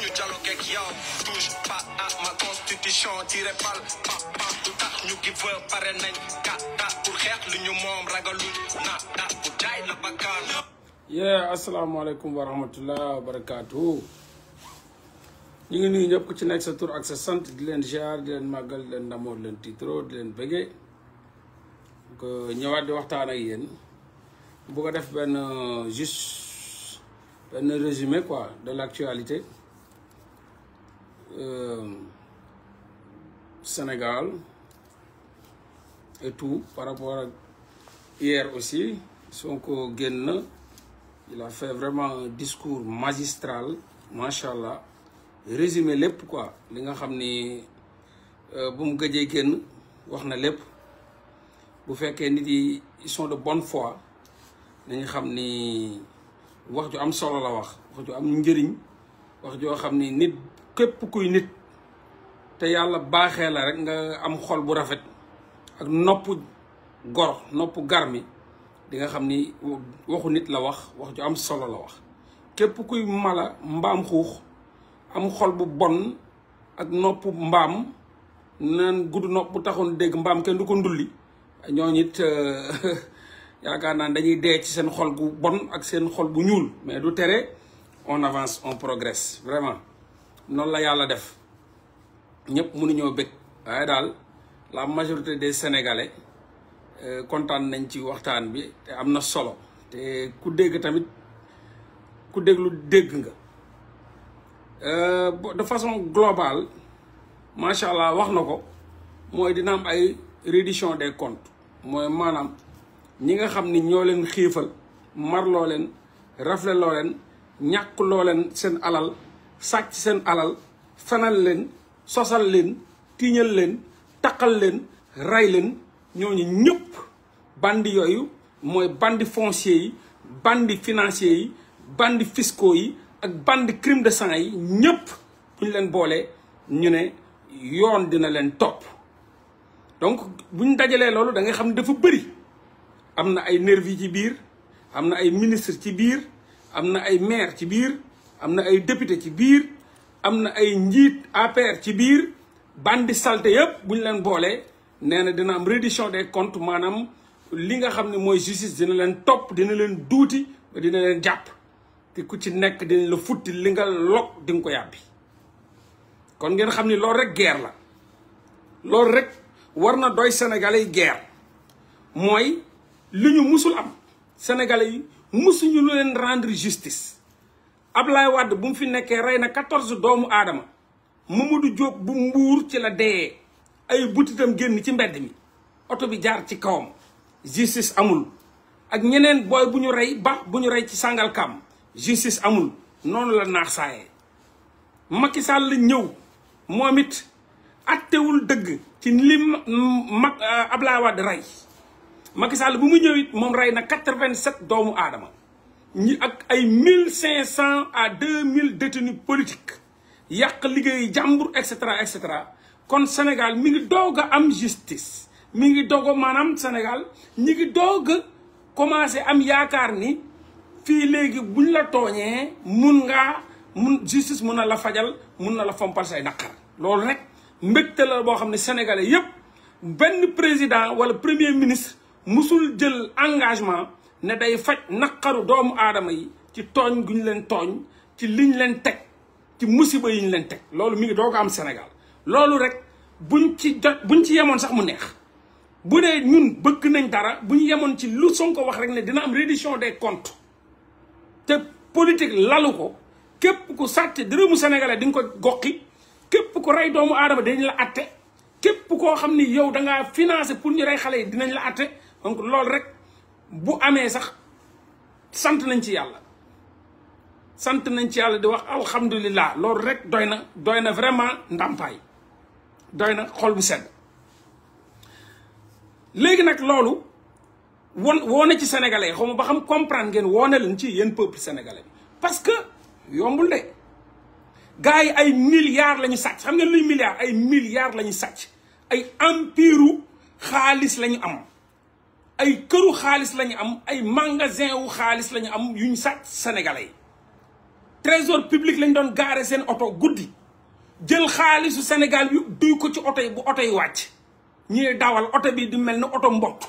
ñu dialogue ak yow touche pas ñu gi fa jaay la bakkaan yee asalaamaaleykum wa rahmatullah wa barakaatu ñu ngi nuyu ñëpp ci nekk sa tur ak sa sant di leen ger di leen màggal di leen ndamoo di leen tiitro di leen bëggee ko waxtaan ak yéen bu def benn euh, juste benn résumé quoi de l'actualité Euh, Sénégal et tout par rapport ak hier aussi Sonko génn na il a fait vraiment un discours magistral macha allah résumé lépp quoi li nga xam ni euh, bu mu gëjee génn wax na lépp bu fekkee nit yi son sont de bonne foi nañu xam ni wax ju am solo la wax wax ju am njëriñ wax joo xam ni nit képp kuy nit te yàlla baaxee la rek nga am xol bu rafet ak nopp gor nopp garmi di nga xam ni waxu nit la wax wax ju am solo la wax képp kuy mala mbaam xuux am xol bu bon ak nopp mbaam naan gudd nopp bu taxoon dégg mbaam kenn du ko ndulli ñoo nit euh, yaakaar naa dañuy dee ci seen xol bu bon ak seen xol bu ñuul mais du tere on avance on progresse vraiment noonu la yàlla def ñëpp mënuñoo bëgg waaye daal la majorité des sénégalais euh, kontaan nañ ci waxtaan bi te am na solo te ku dégg tamit ku déglu dégg nga euh, de façon globale macha allah wax na ko mooy dina am ay reddition des comptes mooy maanaam ñi nga xam ni ñoo leen xiifal marloo leen rafle loo leen ñàkk loo leen seen alal sàcc seen alal fanal leen sosal leen tiiñal leen taqal leen ray leen ñooñu ñëpp bandi yooyu mooy bandi foncier yi bandi financier yi bandi fiscaux yi ak bandi crime de sang yi ñëpp bu leen boole ñu ne yoon dina leen topp donc bu dajalee loolu da nga xam ne dafa bëri am na ay nervi ci biir am na ay ministre ci biir am na ay maire ci biir am na ay député ci biir am na ay njiit APR ci biir bandi salté yëpp bu ñu leen boolee nee na dina am reddition des comptes maanaam li nga xam ne mooy justice dina leen topp dina leen duuti ba dina leen jàpp te ku ci nekk dina la futti li nga log di nga ko yàbbi kon ngeen xam ni loolu rek guerre la loolu rek war na doy sénégalais yi guerre mooy li ñu musul am sénégalais yi musuñu leen rendre justice Ablaye Wade bu mu fi nekkee rey na quatorze doomu aadama Mamadou Diop bu mbuur ci la deyee ay butitam génn ci mbedd mi oto bi jaar ci kawam justice amul ak ñeneen booy bu ñu rey ba bu ñu rey ci Sangalkam justice amul noonu la naax saayee Macky Sall la ñëw moom it attewul dëgg ci li mag Ablaye Wade rey Macky bu mu ñëw it moom rey na quatre-vingt-sept doomu aadama ñi ak ay mille cinq cent à deux mille détenus politiques yàq liggéey jàmbur et cetera et cetera kon Sénégal mi ngi doog a am justice mi ngi doog a maanaam Sénégal ñi ngi doog a commencé am yaakaar ni fii léegi buñ la tooñee mun ngaa mun justice mun na la fajal mun na la fompal say naqar loolu rek mbégte la boo xam ne sénégalais yépp benn président wala premier ministre musul jël engagement ne day faj naqaru doomu aadama yi ci tooñ ñu leen tooñ ci liñ leen teg ci musiba yiñ leen teg loolu mi ngi doo ko am Sénégal loolu rek buñ ci jot buñ ci yemoon sax mu neex bu dee ñun bëgg nañ dara bu ñu yemoon ci lu ko wax rek ne dina am reddition des comptes te politique lalu ko képp ku sàcc dërëmu sénégalais di nga ko goqi képp ko rey doomu aadama dañ la atte képp koo xam ni yow da ngaa financé pour ñu rey xale yi dinañ la atte donc loolu rek bu amee sax sant nañ ci yàlla sant nañ ci yàlla di wax alhamdulilah loolu rek doy na doy na vraiment ndàmpaay doy na xol bu sedd léegi nag loolu won woone ci sénégalais xaw ma ba xam comprendre ngeen woone leen ci yéen peuple sénégalais parce que yombul de gars yi ay milliards la ñu xam ngeen luy milliards ay milliards la ñu sàcc ay empire xaalis lañu am ay këru xaalis lañu am ay magasin wu xaalis lañu am yuñ sàcc sénégalais yi trésor public lañ doon gaare seen oto guddi jël xaalisu Sénégal yu duy ko ci oto yi bu oto yi wàcc ñuy dawal oto bii di mel ni oto mbott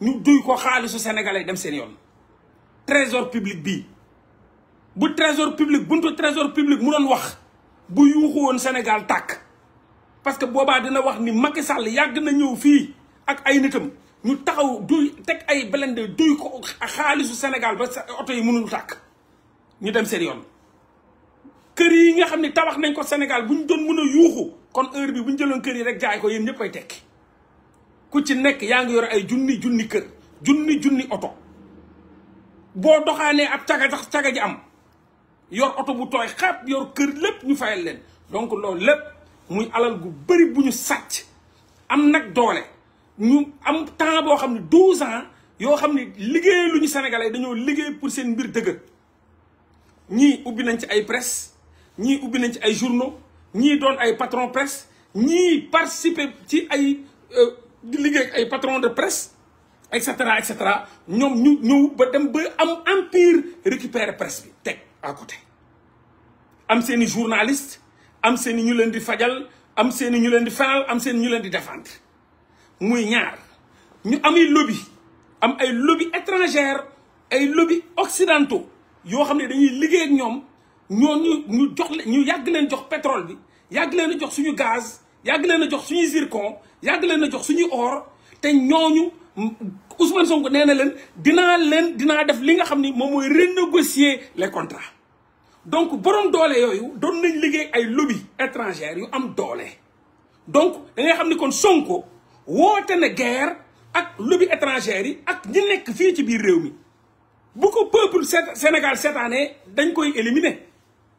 ñu duy ko xaalisu sénégalais dem seen yoon trésor public bii bu trésor public buntu trésor public mu doon wax bu yuuxu woon Sénégal tàkk parce que boobaa dina wax ni Macky Sall yàgg na ñëw fii ak ay nitam ñu taxaw duy teg ay blindé duy ko xaalisu Sénégal ba oto yi mënul tàkk ñu dem seen yoon kër yi nga xam ne tabax nañ ko Sénégal bu ñu doon mën a yuuxu kon heure bi bu ñu jëloon kër yi rek jaay ko yenn ñëpp ay tekki ku ci nekk yaa ngi yor ay junni junni kër junni junni oto boo doxaanee ab caga sax ji am yor oto bu tooy xaab yor kër lépp ñu fayal leen donc loolu lépp muy alal gu bëri bu ñu sàcc am nag doole ñu am temps boo xam ne douze ans yoo xam ni liggéey lu ñu sénégalais dañoo liggéey pour seen mbir dëgër ñii ubbi nañ ci ay presse ñii ubbi nañ ci ay journaux ñii doon ay patron presse ñii participer ci ay euh, liggéey ay patron de presse et cetera cetera ñoom ñu ñëw ba dem ba am empire récupérer presse bi teg à côté am seeni journaliste am seeni ñu leen di fajal am seeni ñu leen di fanal am seeni ñu leen di défendre muy ñaar ñu amay lobi am ay lobby étrangère ay lobby occidentaux yoo xam ne dañuy liggéey ak ñoom ñooñu ñu jox leen ñu yàgg leen jox pétrole bi yàgg leen a jox suñu gaz yàgg leen a jox suñu zircon yàgg leen a jox suñu or te ñooñu Ousmane sonk nee na leen dinaa leen dinaa def li nga xam ni moom mooy renégocier les contrats donc borom doole yooyu doon nañ liggéey ay lobby étrangère yu am doole donc dangay xam ni kon Sonko te na guerre ak lobby étrangère yi ak ñi nekk fii ci biir réew mi bu ko peuple Sénégal seetaanee dañ koy éliminer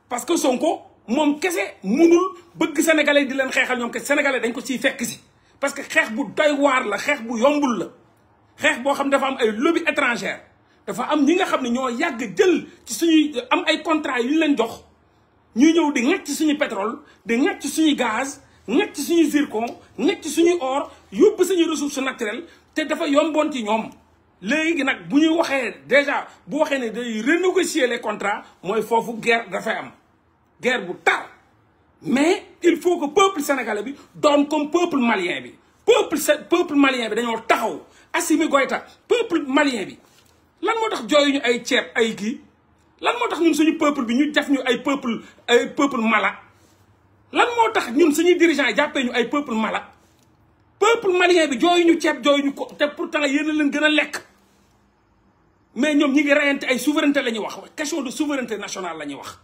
parce que Sonko moom kese munul bëgg sénégalais di leen xeexal ñoom kese sénégalais dañ ko ciy fekk si parce que xeex bu doy waar la xeex bu yombul la xeex boo xam ne dafa am ay lobby étrangère dafa am ñi nga xam ne ñoo yàgg jël ci suñuy am ay contrat yu ñu leen jox ñuy ñëw di ŋàcc suñu pétrole di ŋàcc suñu gaz nekk ci suñuy zircon nekk ci suñuy or yóbbu suñuy ressources naturelles te dafa yomboon ci ñoom léegi nag bu ñuy waxee déjà bu waxee ne day renégocier les contrat mooy foofu guerre dafay am guerre bu tar mais il faut que peuple sénégalais bi doon comme peuple malien bi peuple peuple malien bi dañoo taxaw Assimi Goïta peuple malien bi lan moo tax jooyuñu ay ceeb ay kii lan moo tax ñun suñu peuple bi ñu def ñu ay peuple ay peuple mala lan moo tax ñun suñuy dirigeants yi jàppee ñu ay peuple malade peuple malien bi jooyu ñu ceeb jooyu ñu ko te pourtant yéen a leen gën a lekk mais ñoom ñi ngi rayante ay souveraineté la ñuy wax question de souveraineté nationale la ñuy wax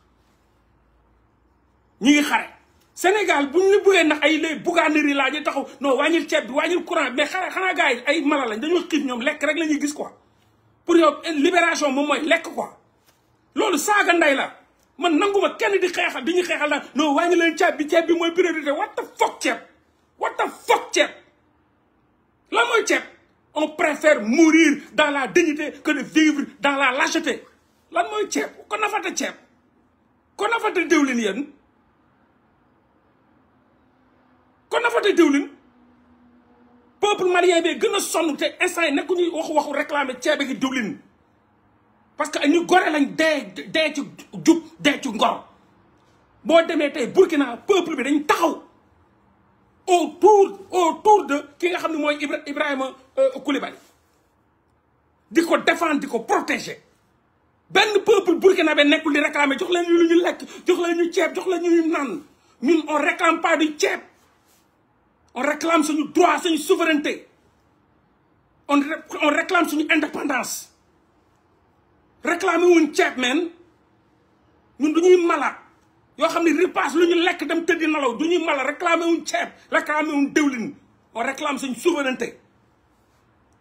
ñi ngi xare Sénégal bu ñu bëggee ndax ay les bouganeries laa ñu taxaw non wàññil ceeb bi wàññil courant bi mais xanaa xanaa yi ay mala lañ dañoo xiif ñoom lekk rek la gis quoi pour yow eh, libération moom mooy lekk quoi loolu saaga nday la man nanguma kenn di xeexal di ñu xeexal daal non wàññi leen ceeb bi ceeb bi mooy priorité what the fuck ceeb what the fuck ceeb lan mooy ceeb on préfère mourir dans la dignité que de vivre dans la lâcheté lan mooy ceeb ko nafata ceeb ko nafata diwlin yéen ko nafata diwlin peuple malien bi gën a sonn te instant yi ñuy waxu waxu réclamer ceeb ak diwlin parce que ñu gore lañ dee dee ci jub dee ci ngor boo demee tey Burkina peuple bi dañ taxaw autour autour de ki nga xam ne mooy Ibrahima euh, Koulibaly di ko défendre di ko protéger benn peuple burkinabé nekkul di réclamer jox leen lu ñu lekk jox leen ñu ceeb jox leen ñu naan ñun on réclame pas du ceeb on réclame suñu droit suñu souveraineté on on réclame suñu indépendance réclamé wuñ ceeb men ñun du ñuy mala yoo xam ne repasse lu ñu lekk dem tëddi nalaw du ñuy mala réclamé wuñ ceeb réclamé wuñ dëwlin on réclame suñ souveraineté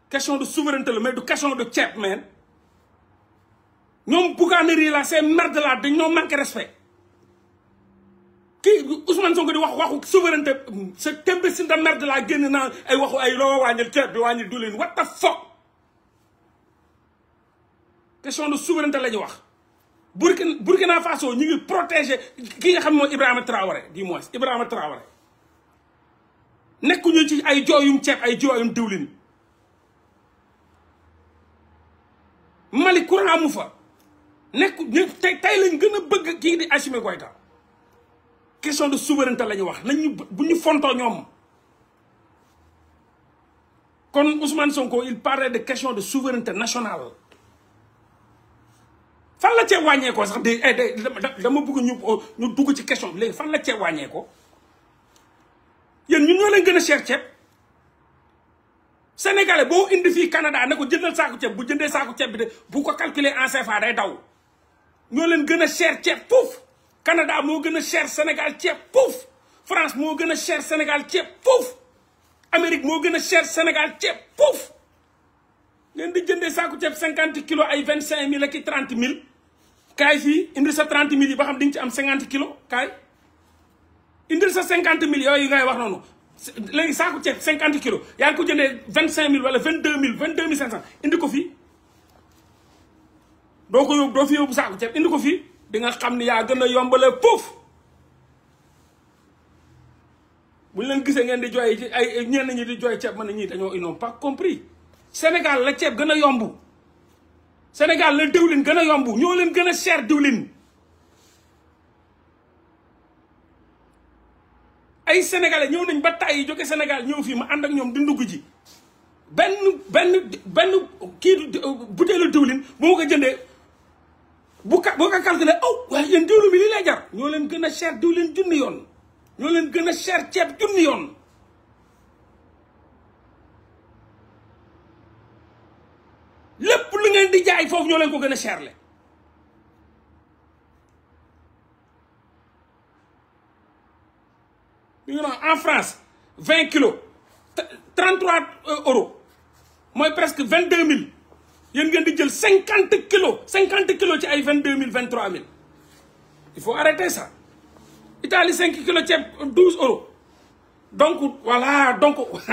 question de souveraineté la mais du question de ceeb men na bouganerie la ces merdes là dañ ñoo manqué respect kii Ousmane Sonko di wax waxu souveraineté sa témbé si nda merde laa génn naa ay waxu ay loo wàññil ceeb bi wàññil dëwlin what the fuck question de souveraineté la ñu wax Burkina Burkina Faso ñu ngi protéger ki nga xam mooy Ibrahima Traoré du moins Ibrahima Traoré nekkuñu ci ay jooyum ceeb ay jooyum diwlin Mali courant amu fa nekku ñu tey lañ gën a bëgg kii di Assimi Goïta question de souveraineté la wax nañ ñu bu ñu fontoo ñoom kon Ousmane Sonko il parlait de question de souveraineté nationale fan la ceeb wàññeekoo sax de eh, dama bëgg ñu oh, ñu dugg ci question bi léegi fan la cee wàññeekoo yéen ñun ñoo leen gën a cher ceeb sénégalais boo indi fii Canada ne ko jëndal saako ceeb bu jëndee saako ceeb bi de bu ko calculer en CFA day daw ñoo gën a cher ceeb puuf Canada moo gën a cher Sénégal ceeb puuf France moo gën a cher Sénégal ceeb puuf moo gën a cher Sénégal ceeb puuf ngeen di jëndee saako ceeb cinquante kilos ay vingt cinq mille ak i trente mille. kaay fii indi sa trente mille yi ba xam di nga ci am cinquante kilo kaay indi sa cinquante mille yi ngay wax noonu léegi saako ceeb cinquante kilos yaa ngi ko jëndee vingt cinq mille wala vingt deux mille vingt deux mille cinq cent indi ko fii doo ko yóbbu doo fi yóbbu saako ceeb indi ko fii di xam ni yaa gën a yombale foofu buñ leen gisee ngeen di jooy ay ñenn nañu di jooy ceeb man ne ñii dañoo ils n'ont pas compris Sénégal la ceeb gën a yomb Sénégal la diwlin gën a yomb ñoo leen gën a cher diwlin ay sénégalais ñëw nañ ba tàyyi jóge Sénégal ñëw fii ma ànd ak ñoom di ndugg ji benn benn benn kii butéelu diwlin bu ma ko jëndee bu ka boo ko calculé aw oh, waaye yéen diwlin bi lii lay jar ñoo leen gën a cher diwlin junni yoon ñoo leen gën a cher ceeb junni yoon bi ngeen di jaay foofu ñoo leen ko gën a cher le en France vingt kilos trente trois euh, euros mooy presque vingt deux mille yën ngeen di jël cinquante kilo cinquante kilos ci ay vingt deux mille vingt trois mille il faut arrêter ça Italie cinq kilos ceeb douze euros donc voilà donc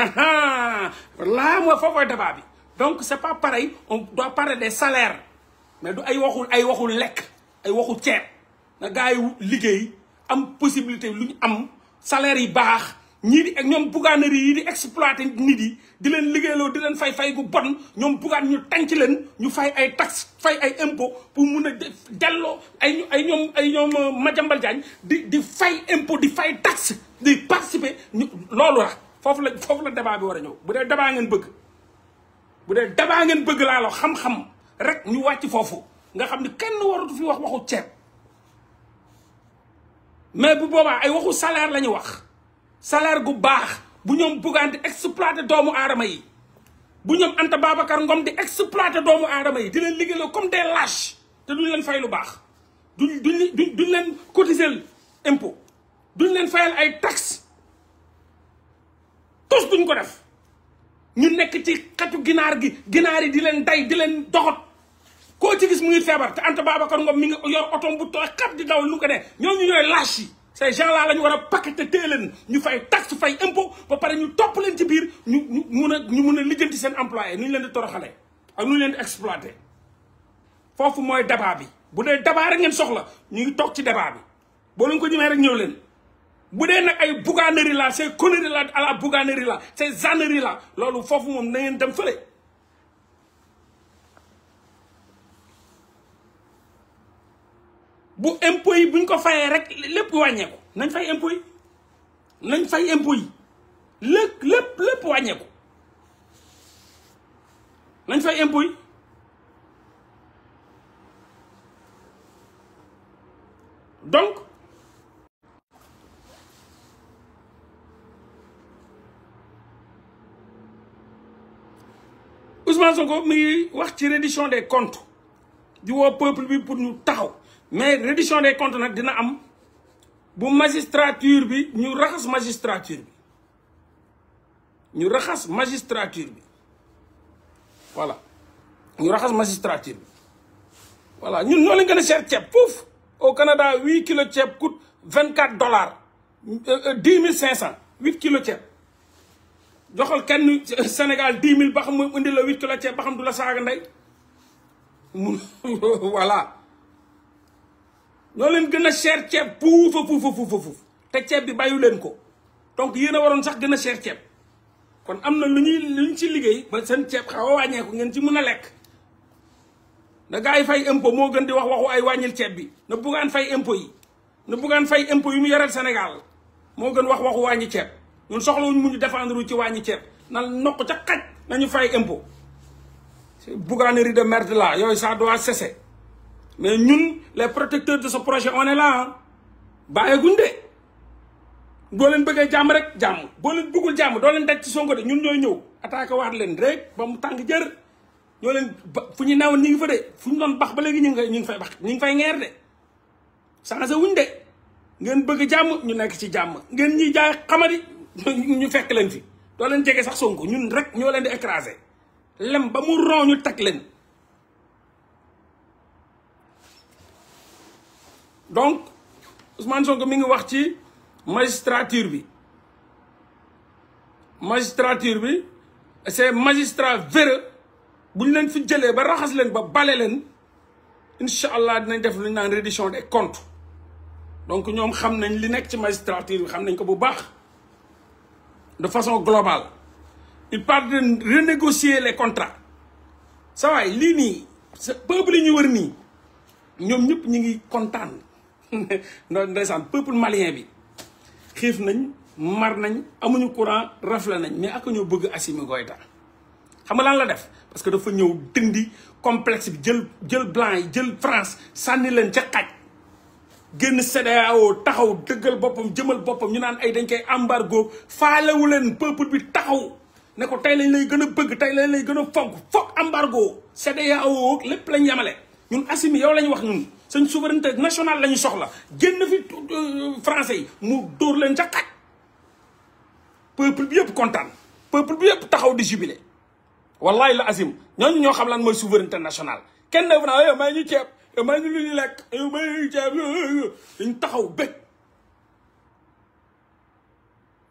là mooy foofu débat bi donc c'est pas pareil on doit parler des salaires mais du ay waxul ay waxul lekk ay waxu ceeb na gars yi liggéey am possibilité lu ñu am salaire yi baax ñii di ak ñoom bugaanerie yi di exploité nit yi di leen liggéeyloo di leen fay fay gu bon ñoom bugaan ñu tànc leen ñu fay ay taxe fay ay impôt pour mun a delloo ay ay ñoom ay ñoom euh, Madiambal Diagne di di fay impôt di fay taxe di participer ñu loolu la foofu la foofu la débat bi war a ñëw bu dee débat ngeen bëgg. bu dee dabaa ngeen bëgg laa la xam-xam rek ñu wàcc foofu nga xam ni kenn waratu fi wax waxu ceeb mais bu boobaa ay waxu salaire la ñu wax salaire gu baax bu ñoom buggaan di exploité doomu aadama yi bu ñoom Anta Babacar Ngom di exploité doomu aadama yi di leen liggéeyloo comme des lâches te duñ leen fay lu baax duñ duñ duñ leen cotiser impôt duñ leen fayal ay tax tous duñ ko def ñu nekk ci xetu ginaar gi ginaar yi di leen day di leen doxat koo ci gis mu ngi feebar te Anta Babacar Ngom mi ngi yor otom bu tooy xat di daw lu ko ne ñooñu ñooy lâche yi ces gens là la war a paqueté tée leen ñu fay taxe fay impôt ba pare ñu topp leen ci biir ñu mun a ñu mun a lijjanti seen employé nu leen di toroxale ak leen di exploité foofu mooy bi bu dee débat rek ngeen soxla ñu ngi toog ci débat bi boo leen ko ñëmee rek ñëw leen bu dee nag ay bouganerie la c'est connerie la à la bouganerie la c'est zanerie la loolu foofu moom na ngeen dem fële bu impôt yi buñ ko fayee rek lépp wàññeeku nañ fay impôt nañ fay impôt yi lépp lépp wàññeeku nañ fay impôt Ousmane Sonko mi ngi wax ci reddition des comptes di woo peuple bi pour ñu taxaw mais reddition des comptes nag dina am bu magistrature bi ñu raxas magistrature bi ñu raxas magistrature bi voilà ñu raxas magistrature bi ñun ñoo leen gën a cher ceeb foofu au Canada huit kilos ceeb coûte vingt quatre dollars euh, euh, dix mille cinq cent huit kilos ceeb joxal kenn Sénégal dix mille ba xam mu indi la huit kilo ceeb ba xam du la saaga ndey mun voilà ñoo leen gën a cher ceeb puufa puufa puufa te ceeb bi bàyyu leen ko donc yéen a waroon sax gën a cher ceeb kon am na lu ñuy lu ñu ci liggéey ba seen ceeb xaw a wàññeeku ngeen ci mën a lekk na gars yi fay impôt moo gën di wax waxu ay wàññil ceeb bi na buggaan fay impôt yi na buggaan fay impôt yu mu yoreel Sénégal moo gën wax waxu wàññi ceeb ñun soxlawuñ mu ñu défendre ci wàññi ceeb nan nokk ca xaj nañu fay impôt bouganerie de merde la yooyu ça doit cesser mais ñun les protecteurs de ce projet on la là de boo leen bëggee jàmm rek jàmm boo leen bëggul jàmm doo leen daj ci Sonko de ñun ñooy ñëw attaqué waat leen rek ba mu tàng jër ñoo leen ba fu ñu newoon ñu ngi fu ñu doon bax ba léegi ñu ngi ñu ngi fay bax ñu ngi fay ngeer de changé wuñ de ngeen bëgg jàmm ñu nekk ci jàmm ngeen ñuy jaay xamadi ñu fekk leen fi doo leen jege sax sonk ñun rek ñoo leen di écraser lem ba mu ron ñu teg leen donc Ousmane Sonko mi ngi wax ci magistrature bi magistrature bi c'est magistrat véreux bu ñu leen fi jëlee ba raxas leen ba bale leen incha allah dinañ def lu ñu naan reddition de comptes donc ñoom xam nañ li nekk ci magistrature bi xam nañ ko bu baax de façon globale il parle de renégocier les contrats sa waay lii nii peuple yi ñu wër nii ñoom ñëpp ñu ngi kontaan ndeysaan peuple malien bi xiif nañ mar nañ amuñu courant rafle nañ mais ak ñoo bëgg Assimi Goïta xam nga lan la def parce que dafa ñëw dindi complexe bi jël jël blanc yi jël France sànni leen ca xaj génn CEDEAO taxaw dëggal boppam jëmal boppam ñu naan ay dañ koy embargo faalewu leen peuple bi taxaw ne ko tey lañ lay gën a bëgg tey lañ lay gën a fonk foog embargo CEDEAO lépp lañu yemale ñun asimi yow lañu wax ñun seen souveraineté national la ñu soxla génn fi euh, français yi mu dóor leen ca xaj peuple bi yëpp kontaan peuple bi yëpp taxaw di jubilé wallahi la asim ñooñu ñoo xam lan mooy souveraineté national kenn defe naa yow eh, may ñu ceeb may ñu lu ñu lekk may ceeb dañ taxaw bëgg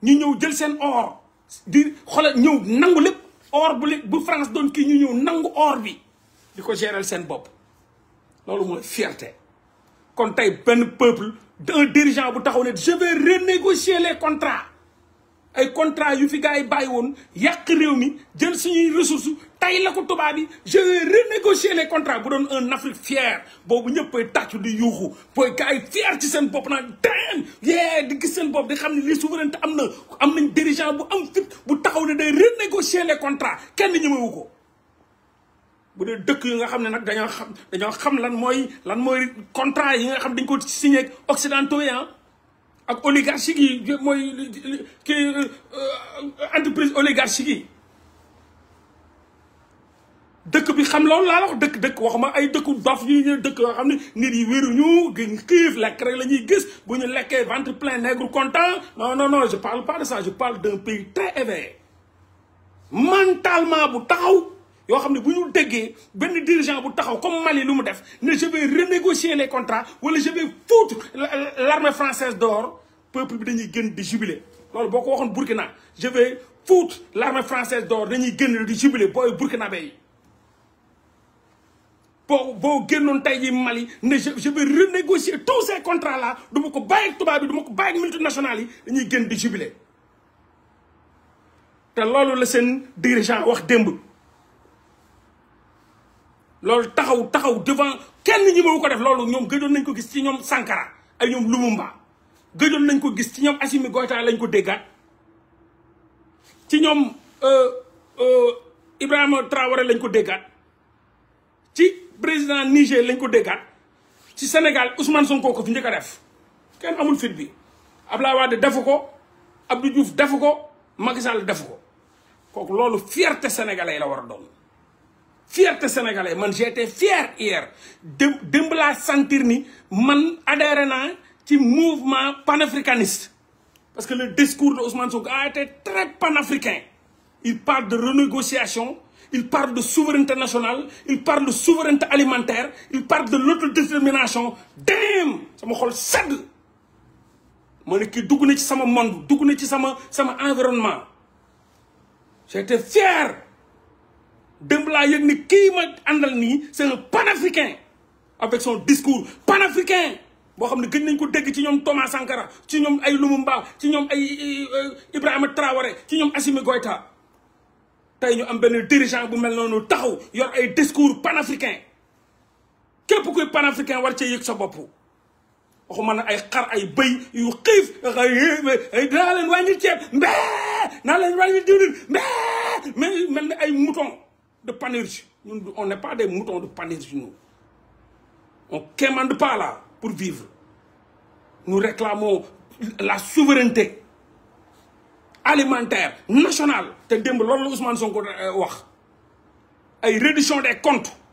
ñëw jël seen or di xoolal ñëw nangu lépp or bu bu France doon kii ñu ñëw nangu or bi di ko gérer seen bopp loolu mooy fierté kon tey benn peuple d'un dirigeant bu taxaw ne je vais renégocier les contrats ay contrat yu fi gars yi bàyyi woon yàq réew mi jël suñuy ressources tey la ko tubaab yi je vais renégocier les contrats bu doon un Afrique fier boobu ñëpp ay tàccu di yuuxu booy gars yi fier ci seen bopp naan daan yee di gis seen bopp di xam ne lii souveraineté am na am nañ dirigeant bu am fit bu taxaw ne day renégocier les contrat kenn ñemewu ko. bu dee dëkk yi nga xam ne nag dañoo xam dañoo xam lan mooy lan mooy contrat yi nga xam dañ ko signé ak occidentaux yi ah. ak oligarchique yi mooy kii euh, euh, entreprise oligarchique yi dëkk bi xam loolu laa la dëkk dëkk wax ma ay dëkku dof yi dëkk yoo xam ne nit yi wéruñu giñ xiif lekk rek la ñuy gis bu ñu lekkee ventre plein nègre content non non non je parle pas de ça je parle d'un pays très éveillé mentalement bu taxaw yoo xam ne bu ñu déggee benn dirigeant bu taxaw comme Mali lu mu def ne je vais renégocier les contrats wala je vais foutre l'armée française dehors peuple bi dañuy gën di jubiler loolu boo ko waxoon Burkina je vais foutre l'armée française dehors dañuy gën di jubiler booy burkinabé yi boo boo génnoon tey jii Mali ne je je vais renégocier tous ces contrats là du ko bàyyi ak tubaab bi du ma ko bàyyi ak multinationales yi dañuy gën di jubiler te loolu la seen dirigeant wax démb loolu taxaw taxaw devant kenn ñi ma ko def loolu ñoom gëjoon nañ ko gis ci ñoom Sankara ay ñoom Lumumba gëjoon nañ ko gis ci ñoom Assimi Goïta lañ ko déggaat ci ñoom euh, euh, Ibrahima Traoré lañ ko déggaat ci président Niger lañ ko déggaat ci Sénégal Ousmane Sonko ko fi njëkk def kenn amul fit bi Abdoulaye Wade defu ko Abdou Diouf defu ko Macky Sall defu ko kooku loolu fierté sénégalais la war a doon. fierté sénégalais man j'étais fier hier dém démb laa sentir ni man adhéré na ci mouvement panafricaniste parce que le discours de Ousmane Sonko a été très panafricain il parle de renégociation il parle de souveraineté nationale il parle de souveraineté alimentaire il parle de l'autodétermination damn sama xol sedd ma ne kii dugg na ci sama monde dugg na ci sama sama environnement j'étais fier démb laa yëg ni kii ma àndal nii c'est un panafricain avec son discours panafricain boo xam ne gën nañ ko dégg ci ñoom Thomas Sankara ci ñoom ay Lumumba ci ñoom ay Ibrahima Traoré ci ñoom Assimi Goïta tey ñu am benn dirigeant bu mel noonu taxaw yor ay discours panafricain képp kuy panafricain war cee yëg sa bopp waxuma na ay xar ay bëy yu xiif naa leen wàññi ceeb mbee naa leen wàññi diwlin mbee mel ni ay mouton de panurge ñun on n'est pas des moutons de panurge nous on quémande pas là pour vivre nous réclamons la souveraineté alimentaire nationale te démb loolu la Ousmane Sonko euh, wax ay reddition des comptes